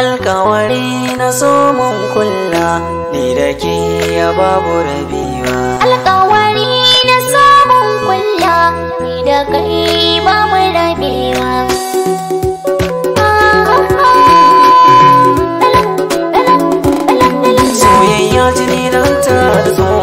Alkawari na so mun kulla ni da ke ya babu rabiwa. Alkawari na so mun kulla ni da kai babu rabiwa. Ah, ah, ah. Soyayya jini don ta zo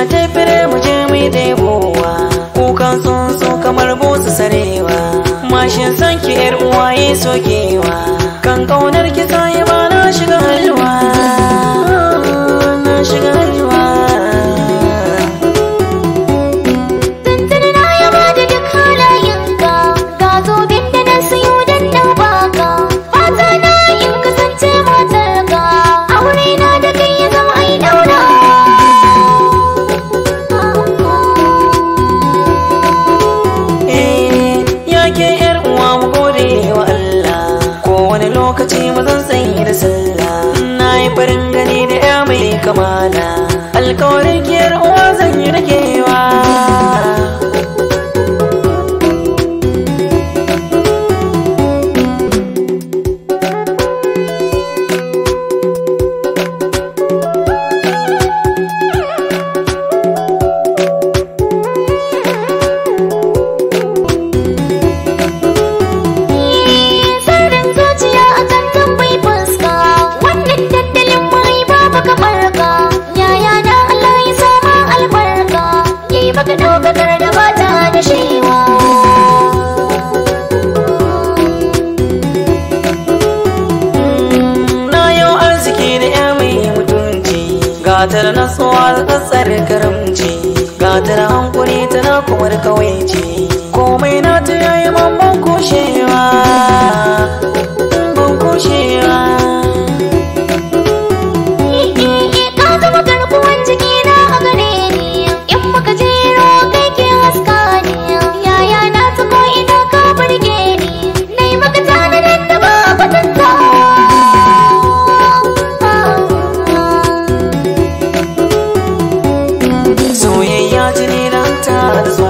na taifire mu je mu debowa kukan sun kamar busu sarewa mashin sanki yar uwaye sokewa get quiero gatar nasuwa ƙasar karamci gatar hankuri tana kuma ce komai na ta